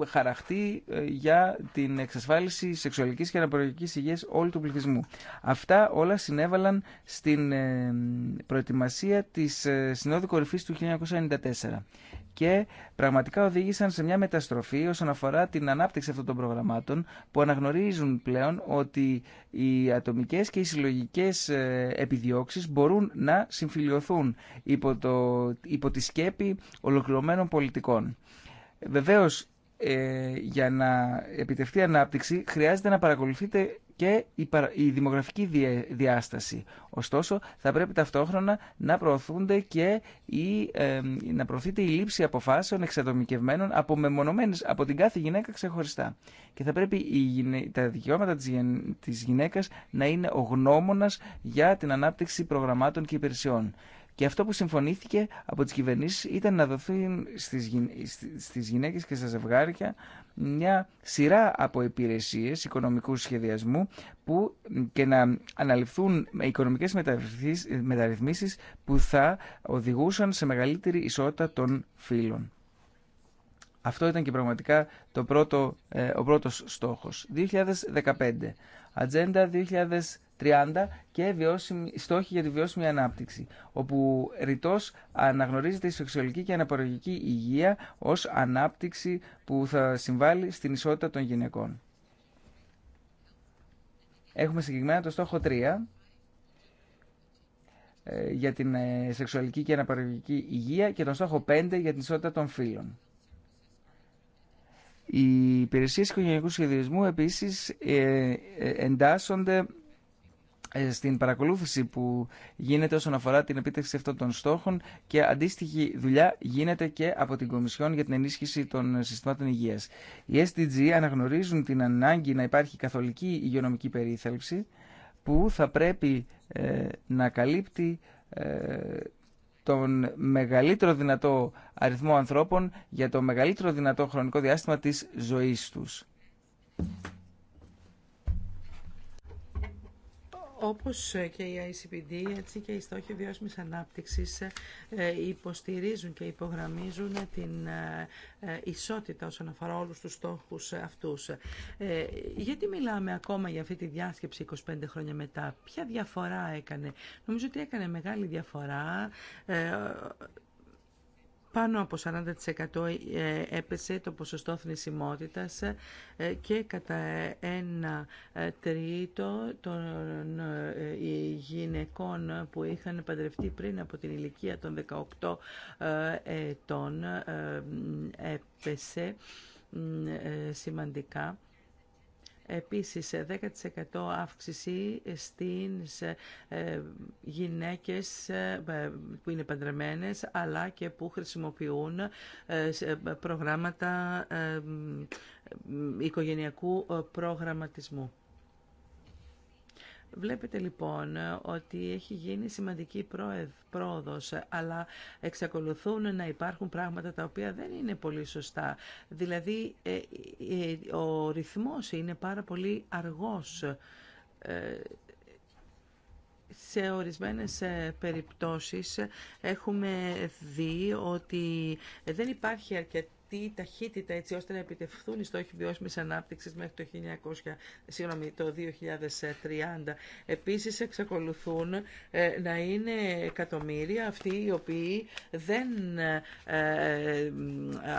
χαραχτεί για την εξασφάλιση σεξουαλικής και αναπαραγωγικής υγείας όλου του πληθυσμού. Αυτά όλα συνέβαλαν στην ε, προετοιμασία της ε, Συνόδου Κορυφής του 1994 και πραγματικά οδήγησαν σε μια μεταστροφή όσον αφορά την ανάπτυξη αυτών των προγραμμάτων που αναγνωρίζουν πλέον ότι οι ατομικές και οι συλλογικές ε, επιδιώξεις μπορούν να συμφιλειωθούν υπό, το, τη σκέπη ολοκληρωμένων πολιτικών. Βεβαίως ε, για να επιτευχθεί ανάπτυξη χρειάζεται να παρακολουθείτε και η, η δημογραφική διάσταση. Ωστόσο, θα πρέπει ταυτόχρονα να προωθούνται και η, να προωθείται η λήψη αποφάσεων εξατομικευμένων από μεμονωμένες από την κάθε γυναίκα ξεχωριστά. Και θα πρέπει η, τα δικαιώματα της, της γυναίκας να είναι ο γνώμονας για την ανάπτυξη προγραμμάτων και υπηρεσιών. Και αυτό που συμφωνήθηκε από τις κυβερνήσεις ήταν να δοθούν στις, γυ... στις γυναίκες και στα ζευγάρια μια σειρά από υπηρεσίες οικονομικού σχεδιασμού που και να αναλυφθούν οικονομικές μεταρρυθμίσεις που θα οδηγούσαν σε μεγαλύτερη ισότητα των φύλων. Αυτό ήταν και πραγματικά το πρώτο, ε, ο πρώτος στόχος. 2015. Ατζέντα 2015 30 και βιώσιμη, στόχοι για τη βιώσιμη ανάπτυξη, όπου ρητός αναγνωρίζεται η σεξουαλική και αναπαραγωγική υγεία ως ανάπτυξη που θα συμβάλλει στην ισότητα των γυναικών. Έχουμε συγκεκριμένα το στόχο 3 ε, για την ε, σεξουαλική και αναπαραγωγική υγεία και τον στόχο 5 για την ισότητα των φύλων. Οι υπηρεσίε οικογενειακού σχεδιασμού επίσης ε, εντάσσονται ε, στην παρακολούθηση που γίνεται όσον αφορά την επίτευξη αυτών των στόχων και αντίστοιχη δουλειά γίνεται και από την Κομισιόν για την ενίσχυση των συστημάτων υγείας. Οι SDG αναγνωρίζουν την ανάγκη να υπάρχει καθολική υγειονομική περίθαλψη που θα πρέπει ε, να καλύπτει ε, τον μεγαλύτερο δυνατό αριθμό ανθρώπων για το μεγαλύτερο δυνατό χρονικό διάστημα της ζωής τους. Όπως ε, και η ICPD, έτσι και οι στόχοι βιώσιμης ανάπτυξης ε, ε, υποστηρίζουν και υπογραμμίζουν την ισότητα όσον αφορά όλους τους στόχους αυτούς. Γιατί μιλάμε ακόμα για αυτή τη διάσκεψη 25 χρόνια μετά. Ποια διαφορά έκανε. Νομίζω ότι έκανε μεγάλη διαφορά πάνω από 40% ε, έπεσε το ποσοστό θνησιμότητας ε, και κατά ένα ε, τρίτο των γυναικών που είχαν παντρευτεί πριν από την ηλικία των 18 ετών έπεσε σημαντικά Επίσης, 10% ε, αύξηση στις ε, ε, γυναίκες που είναι παντρεμένες, αλλά και που χρησιμοποιούν προγράμματα οικογενειακού προγραμματισμού. Βλέπετε λοιπόν ότι έχει γίνει σημαντική πρόοδος, αλλά εξακολουθούν να υπάρχουν πράγματα τα οποία δεν είναι πολύ σωστά. Δηλαδή, ε, ε, ο ρυθμός είναι πάρα πολύ αργός ε, σε ορισμένες περιπτώσεις έχουμε δει ότι δεν υπάρχει αρκετή η ταχύτητα έτσι ώστε να επιτευχθούν οι στόχοι βιώσιμη ανάπτυξη μέχρι το, 1900, το 2030. Επίσης εξακολουθούν ε, να είναι εκατομμύρια αυτοί οι οποίοι δεν ε, ε,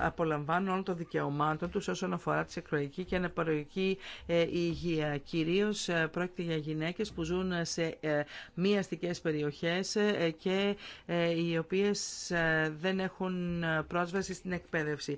απολαμβάνουν όλων των δικαιωμάτων του όσον αφορά τη εκλογική και αναπαραγωγική υγεία. Κυρίως πρόκειται για γυναίκες που ζουν σε μη περιοχέ περιοχές και οι οποίες δεν έχουν πρόσβαση στην εκπαίδευση.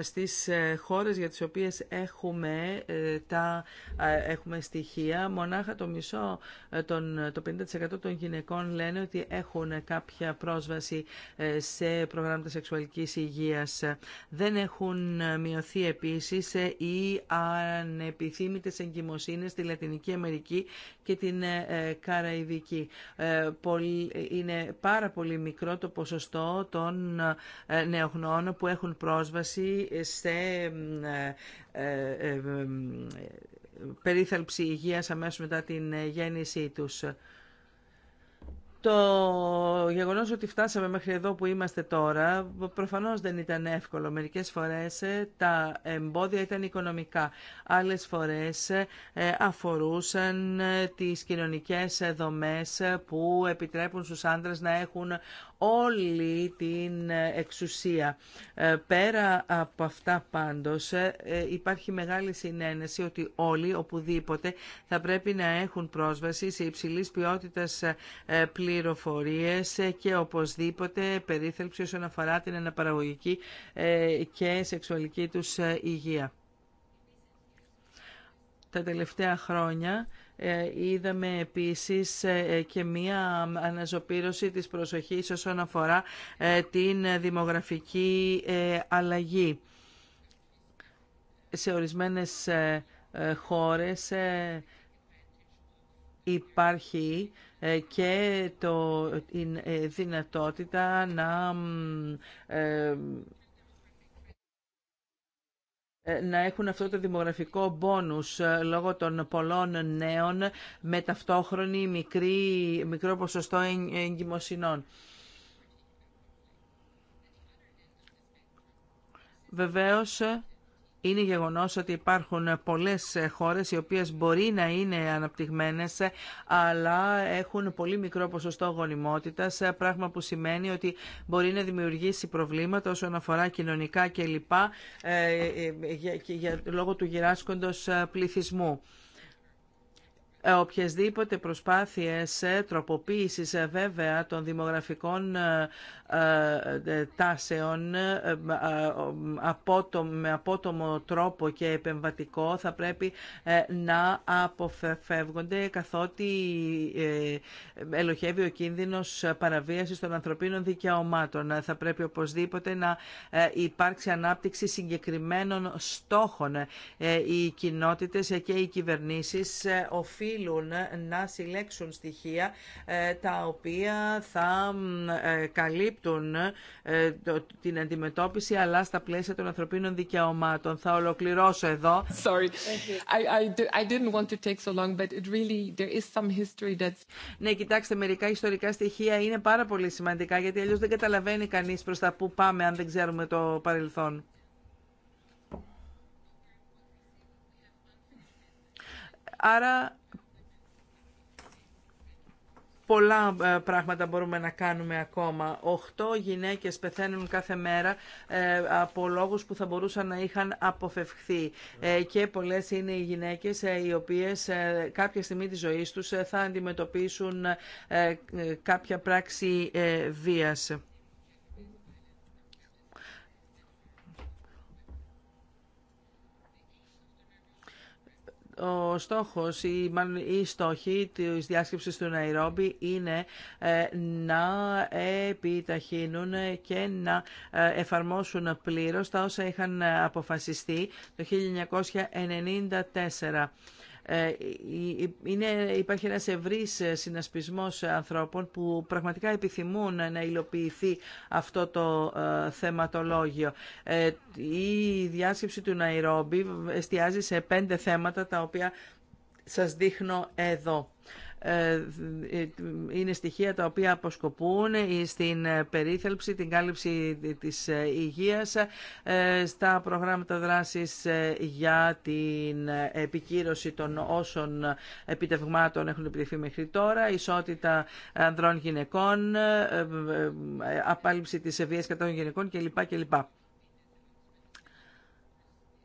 στις ε, χώρες για τις οποίες έχουμε, ε, τα, ε, έχουμε στοιχεία, μονάχα το μισό, των, το 50% των γυναικών λένε ότι έχουν κάποια πρόσβαση σε προγράμματα σεξουαλικής υγείας. Δεν έχουν μειωθεί επίσης οι ανεπιθύμητες εγκυμοσύνες στη Λατινική Αμερική και την Καραϊβική. Είναι πάρα πολύ μικρό το ποσοστό των νεογνών που έχουν πρόσβαση πρόσβαση σε ε, ε, ε, περίθαλψη υγείας αμέσως μετά την γέννησή τους. Το γεγονός ότι φτάσαμε μέχρι εδώ που είμαστε τώρα, προφανώς δεν ήταν εύκολο. Μερικές φορές τα εμπόδια ήταν οικονομικά, άλλες φορές αφορούσαν τις κοινωνικές δομές που επιτρέπουν στους άντρες να έχουν όλη την εξουσία. Ε, πέρα από αυτά πάντως ε, υπάρχει μεγάλη συνένεση ότι όλοι οπουδήποτε θα πρέπει να έχουν πρόσβαση σε υψηλής ποιότητας ε, πληροφορίες και οπωσδήποτε περίθαλψη όσον αφορά την αναπαραγωγική και σεξουαλική τους υγεία. Τα τελευταία χρόνια ε, είδαμε επίσης ε, και μία αναζωπήρωση της προσοχής όσον αφορά ε, την δημογραφική αλλαγή. Σε ορισμένες χώρες υπάρχει και το, η δυνατότητα να ε, να έχουν αυτό το δημογραφικό μπόνους ε, λόγω των πολλών νέων με ταυτόχρονη μικρή, μικρό ποσοστό εγκυμοσυνών. Βεβαίως, ε, είναι γεγονός ότι υπάρχουν πολλές χώρες οι οποίες μπορεί να είναι αναπτυγμένες αλλά έχουν πολύ μικρό ποσοστό γονιμότητας πράγμα που σημαίνει ότι μπορεί να δημιουργήσει προβλήματα όσον αφορά κοινωνικά κλπ ε, ε, ε, λόγω του γυράσκοντος πληθυσμού. Ε, οποιασδήποτε προσπάθειες ε, τροποποίησης ε, βέβαια των δημογραφικών τάσεων με απότομο τρόπο και επεμβατικό θα πρέπει να αποφεύγονται καθότι ελοχεύει ο κίνδυνος παραβίασης των ανθρωπίνων δικαιωμάτων. Θα πρέπει οπωσδήποτε να υπάρξει ανάπτυξη συγκεκριμένων στόχων. Οι κοινότητες και οι κυβερνήσεις οφείλουν οφείλουν να συλλέξουν στοιχεία ε, τα οποία θα ε, καλύπτουν ε, την αντιμετώπιση αλλά στα πλαίσια των ανθρωπίνων δικαιωμάτων. Θα ολοκληρώσω εδώ. Sorry. I, I, didn't want to take so long, but it really, there is some history Ναι, κοιτάξτε, μερικά ιστορικά στοιχεία είναι πάρα πολύ σημαντικά, γιατί αλλιώς δεν καταλαβαίνει κανείς προς τα που πάμε αν δεν ξέρουμε το παρελθόν. Άρα πολλά ε, πράγματα μπορούμε να κάνουμε ακόμα. Οχτώ γυναίκες πεθαίνουν κάθε μέρα ε, από λόγους που θα μπορούσαν να είχαν αποφευχθεί. Ε, και πολλές είναι οι γυναίκες οι οποίες κάποια στιγμή της ζωής τους θα αντιμετωπίσουν κάποια πράξη βίας. ο στόχος ή μάλλον η στόχη της διάσκεψης του Ναϊρόμπι είναι ε, να επιταχύνουν και να ε, εφαρμόσουν πλήρως τα όσα είχαν αποφασιστεί το 1994. Ε, είναι, υπάρχει ένας ευρύς ε, συνασπισμός ανθρώπων που πραγματικά επιθυμούν να υλοποιηθεί αυτό το ε, θεματολόγιο. η διάσκεψη του Ναϊρόμπι εστιάζει σε πέντε θέματα τα οποία σας δείχνω εδώ. Ε, ε, είναι στοιχεία τα οποία αποσκοπούν στην περίθαλψη, την κάλυψη της υγείας, ε, στα προγράμματα δράσης για την επικύρωση των όσων επιτευγμάτων έχουν επιτευχθεί μέχρι τώρα, ισότητα ανδρών γυναικών, απάλληψη της βίας κατά των γυναικών κλπ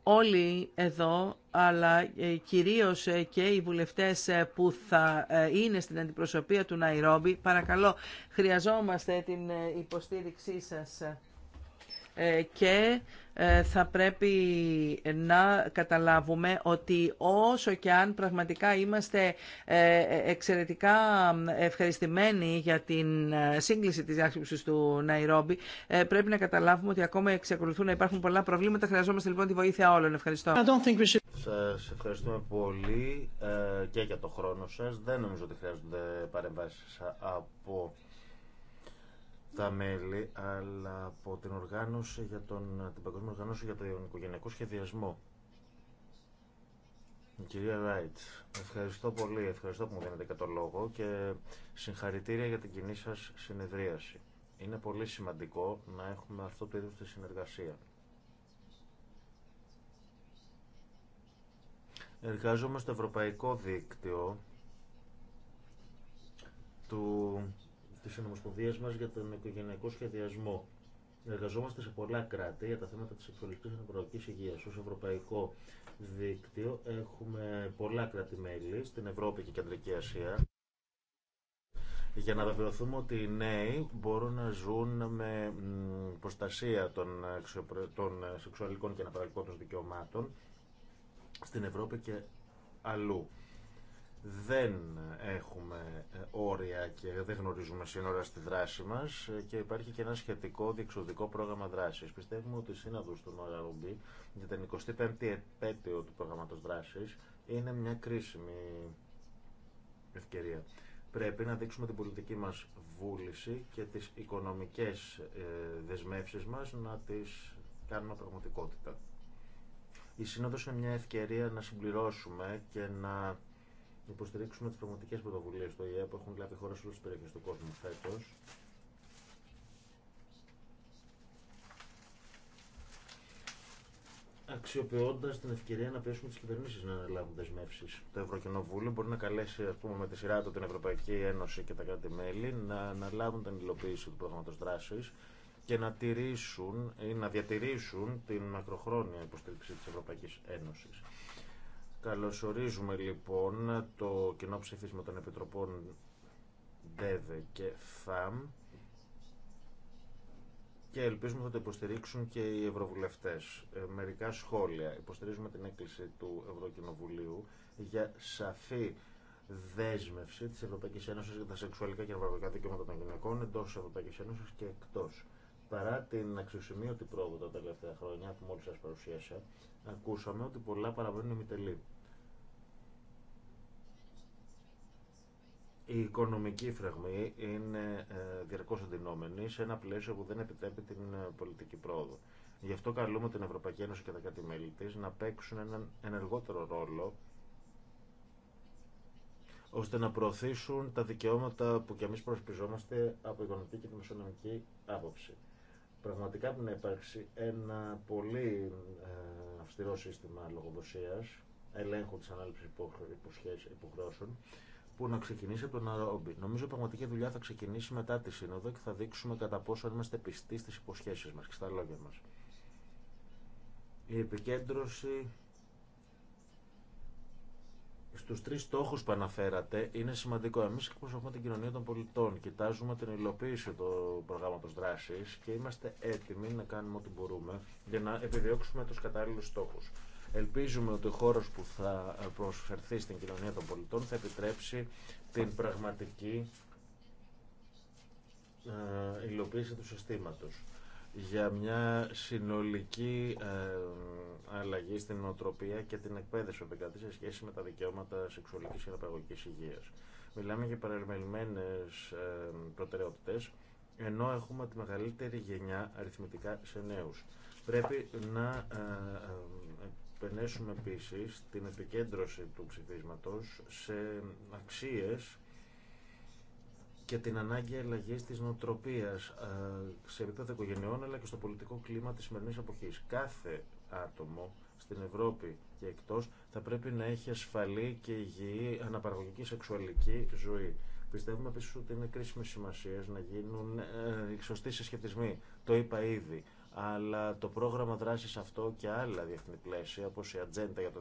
όλοι εδώ, αλλά ε, κυρίως ε, και οι βουλευτές ε, που θα είναι στην αντιπροσωπεία του Ναϊρόμπι, παρακαλώ, χρειαζόμαστε την υποστήριξή σας. Ε, και ε, θα πρέπει να καταλάβουμε ότι όσο και αν πραγματικά είμαστε ε, εξαιρετικά ευχαριστημένοι για την σύγκληση της διάσκεψης του Ναϊρόμπι, πρέπει να καταλάβουμε ότι ακόμα εξακολουθούν να υπάρχουν πολλά προβλήματα. Χρειαζόμαστε λοιπόν τη βοήθεια όλων. Ευχαριστώ. Σα ευχαριστούμε πολύ και για το χρόνο σας. Δεν νομίζω ότι χρειάζονται παρεμβάσεις από τα μέλη, αλλά από την, οργάνωση για τον, την Παγκόσμια Οργάνωση για τον Οικογενειακό Σχεδιασμό. κυρία Ράιτ, ευχαριστώ πολύ, ευχαριστώ που μου δίνετε και το λόγο και συγχαρητήρια για την κοινή σας συνεδρίαση. Είναι πολύ σημαντικό να έχουμε αυτό το είδος τη συνεργασία. Εργάζομαι στο Ευρωπαϊκό Δίκτυο του τη Ομοσπονδία μα για τον οικογενειακό σχεδιασμό. Εργαζόμαστε σε πολλά κράτη για τα θέματα τη σεξουαλική και αναπαραγωγική υγεία. Ω Ευρωπαϊκό Δίκτυο έχουμε πολλά κράτη-μέλη στην Ευρώπη και Κεντρική Ασία για να βεβαιωθούμε ότι οι νέοι μπορούν να ζουν με προστασία των, των σεξουαλικών και αναπαραγωγικών δικαιωμάτων στην Ευρώπη και αλλού δεν έχουμε ε, όρια και δεν γνωρίζουμε σύνορα στη δράση μας ε, και υπάρχει και ένα σχετικό διεξοδικό πρόγραμμα δράσης. Πιστεύουμε ότι η σύνοδος του Ρουμπή για την 25η επέτειο του προγράμματος δράσης είναι μια κρίσιμη ευκαιρία. Πρέπει να δείξουμε την πολιτική μας βούληση και τις οικονομικές ε, δεσμεύσεις μας να τις κάνουμε πραγματικότητα. Η σύνοδος είναι μια ευκαιρία να συμπληρώσουμε και να υποστηρίξουμε τι πραγματικέ πρωτοβουλίε του ΙΕ που έχουν λάβει χώρα σε όλε τι περιοχέ του κόσμου Φέτο. Αξιοποιώντα την ευκαιρία να πιέσουμε τι κυβερνήσει να αναλάβουν δεσμεύσει. Το Ευρωκοινοβούλιο μπορεί να καλέσει ας πούμε, με τη σειρά του την Ευρωπαϊκή Ένωση και τα κράτη-μέλη να αναλάβουν την υλοποίηση του προγράμματο δράση και να τηρήσουν ή να διατηρήσουν την μακροχρόνια υποστήριξη τη Ευρωπαϊκή Ένωση. Καλωσορίζουμε λοιπόν το κοινό ψηφίσμα των Επιτροπών ΔΕΔΕ και ΦΑΜ και ελπίζουμε θα το υποστηρίξουν και οι ευρωβουλευτές. Ε, μερικά σχόλια. Υποστηρίζουμε την έκκληση του Ευρωκοινοβουλίου για σαφή δέσμευση της Ευρωπαϊκής Ένωσης για τα σεξουαλικά και ευρωπαϊκά δικαιώματα των γυναικών εντός της Ευρωπαϊκής Ένωσης και εκτός. Παρά την αξιοσημείωτη πρόοδο τα τελευταία χρόνια που μόλις σας παρουσίασα, ακούσαμε ότι πολλά παραμένουν ημιτελή. Η οικονομική φραγμή είναι ε, διαρκώς αντινόμενη σε ένα πλαίσιο που δεν επιτρέπει την ε, πολιτική πρόοδο. Γι' αυτό καλούμε την Ευρωπαϊκή Ένωση και τα κάτι μέλη της να παίξουν έναν ενεργότερο ρόλο ώστε να προωθήσουν τα δικαιώματα που κι εμείς προσπιζόμαστε από οικονομική και δημοσιονομική άποψη. Πραγματικά πρέπει να υπάρξει ένα πολύ ε, αυστηρό σύστημα λογοδοσίας, ελέγχου της ανάληψης υποχρεώσεων, που να ξεκινήσει από τον Αρόμπι. Νομίζω πραγματική δουλειά θα ξεκινήσει μετά τη Σύνοδο και θα δείξουμε κατά πόσο είμαστε πιστοί στις υποσχέσει μα και στα λόγια μα. Η επικέντρωση Στου τρει στόχου που αναφέρατε είναι σημαντικό. Εμεί εκπροσωπούμε την κοινωνία των πολιτών, κοιτάζουμε την υλοποίηση του προγράμματο δράση και είμαστε έτοιμοι να κάνουμε ό,τι μπορούμε για να επιδιώξουμε του κατάλληλου στόχου. Ελπίζουμε ότι ο χώρος που θα προσφερθεί στην κοινωνία των πολιτών θα επιτρέψει την πραγματική ε, υλοποίηση του συστήματος για μια συνολική ε, αλλαγή στην νοοτροπία και την εκπαίδευση των σε σχέση με τα δικαιώματα σεξουαλικής και αναπαραγωγική υγείας. Μιλάμε για παρεμελημένες ε, προτεραιότητες, ενώ έχουμε τη μεγαλύτερη γενιά αριθμητικά σε νέους. Πρέπει να ε, ενέσουμε επίσης την επικέντρωση του ψηφίσματος σε αξίες και την ανάγκη αλλαγή της νοοτροπία ε, σε επίπεδο οικογενειών αλλά και στο πολιτικό κλίμα τη σημερινή εποχή. Κάθε άτομο στην Ευρώπη και εκτό θα πρέπει να έχει ασφαλή και υγιή αναπαραγωγική σεξουαλική ζωή. Πιστεύουμε επίση ότι είναι κρίσιμη σημασία να γίνουν ε, οι σωστοί συσχετισμοί. Το είπα ήδη αλλά το πρόγραμμα δράσης αυτό και άλλα διεθνή πλαίσια, όπως η Ατζέντα για το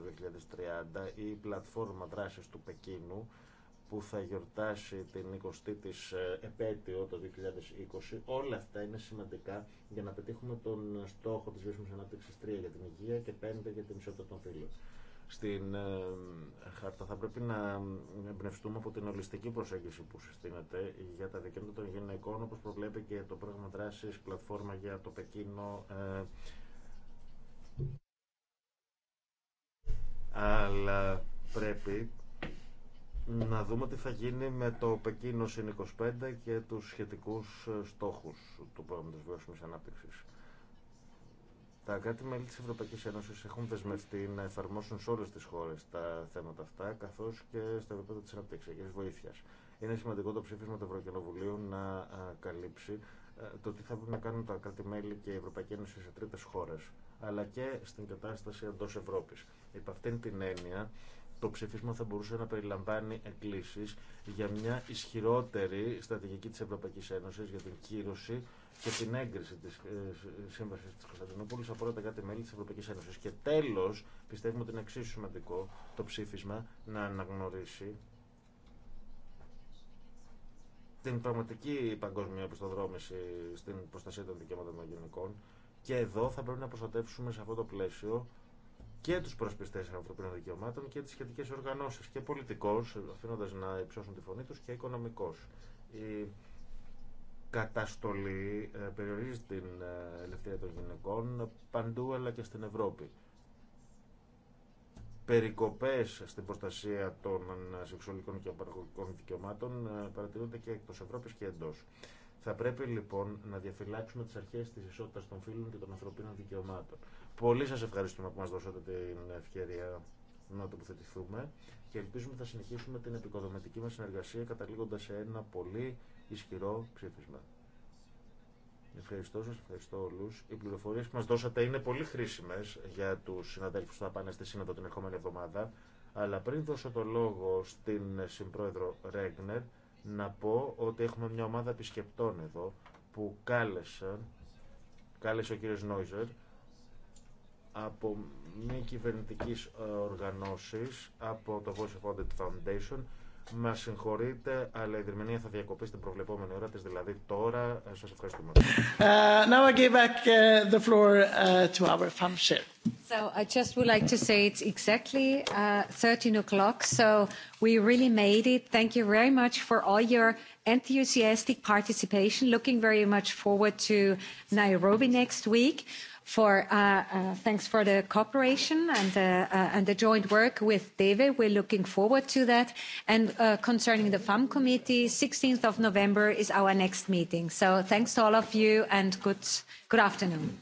2030 ή η Πλατφόρμα Δράσης του Πεκίνου, που θα γιορτάσει την 20η της ε, επέτειο το 2020. Όλα αυτά είναι σημαντικά για να πετύχουμε τον στόχο της βιώσιμης ανάπτυξης 3 για την υγεία και 5 για την ισότητα των φύλων στην ε, χάρτα θα πρέπει να εμπνευστούμε από την ολιστική προσέγγιση που συστήνεται για τα δικαιώματα των γυναικών όπως προβλέπει και το πρόγραμμα δράσης πλατφόρμα για το Πεκίνο ε. αλλά πρέπει να δούμε τι θα γίνει με το Πεκίνο ΣΥΝ 25 και τους σχετικούς ε, στόχους του πρόγραμματος βιώσιμης ανάπτυξης. Τα κράτη-μέλη τη Ευρωπαϊκή Ένωση έχουν δεσμευτεί να εφαρμόσουν σε όλε τι χώρε τα θέματα αυτά, καθώ και στα επίπεδο τη αναπτυξιακή βοήθεια. Είναι σημαντικό το ψήφισμα του Ευρωκοινοβουλίου να καλύψει ε, το τι θα πρέπει να κάνουν τα κράτη-μέλη και η Ευρωπαϊκή Ένωση σε τρίτε χώρε, αλλά και στην κατάσταση εντό Ευρώπη. Υπ' αυτήν την έννοια, το ψήφισμα θα μπορούσε να περιλαμβάνει εκκλήσει για μια ισχυρότερη στρατηγική τη Ευρωπαϊκή Ένωση για την κύρωση και την έγκριση τη ε, Σύμβαση τη Κωνσταντινούπολη από τα κράτη-μέλη τη Ευρωπαϊκή Ένωση. Και τέλο, πιστεύουμε ότι είναι εξίσου σημαντικό το ψήφισμα να αναγνωρίσει την πραγματική παγκόσμια προσταδρόμηση στην προστασία των δικαιωμάτων των γενικών. Και εδώ θα πρέπει να προστατεύσουμε σε αυτό το πλαίσιο και του προσπιστέ ανθρωπίνων δικαιωμάτων και τι σχετικέ οργανώσει. Και πολιτικώ, αφήνοντα να υψώσουν τη φωνή του, και οικονομικώ καταστολή ε, περιορίζει την ε, ελευθερία των γυναικών παντού αλλά και στην Ευρώπη. Περικοπές στην προστασία των ε, σεξουαλικών και απαραγωγικών δικαιωμάτων παρατηρούνται και εκτός Ευρώπης και εντός. Θα πρέπει λοιπόν να διαφυλάξουμε τις αρχές της ισότητας των φίλων και των ανθρωπίνων δικαιωμάτων. Πολύ σας ευχαριστούμε που μας δώσατε την ευκαιρία να τοποθετηθούμε και ελπίζουμε θα συνεχίσουμε την επικοδομητική μας συνεργασία καταλήγοντας σε ένα πολύ ισχυρό ψήφισμα. Ευχαριστώ σα ευχαριστώ όλους. Οι πληροφορίες που μας δώσατε είναι πολύ χρήσιμες για τους συναδέλφους που θα πάνε στη Σύνοδο την ερχόμενη εβδομάδα. Αλλά πριν δώσω το λόγο στην συμπρόεδρο Ρέγνερ, να πω ότι έχουμε μια ομάδα επισκεπτών εδώ που κάλεσαν, κάλεσε ο κύριος Νόιζερ από μη κυβερνητική οργανώσεις από το Voice of Audit Foundation με συγχωρείτε, αλλά η Δερμηνία θα διακοπεί στην προβλεπόμενη ώρα της, δηλαδή τώρα. σας ευχαριστούμε. Uh, now I give back uh, the floor uh, to our farm share. So I just would like to say it's exactly uh, 13 o'clock, so we really made it. Thank you very much for all your enthusiastic participation. Looking very much forward to Nairobi next week for thanks for the cooperation and the joint work with David, We're looking forward to that. And concerning the FAM committee, 16th of November is our next meeting. So thanks to all of you and good good afternoon.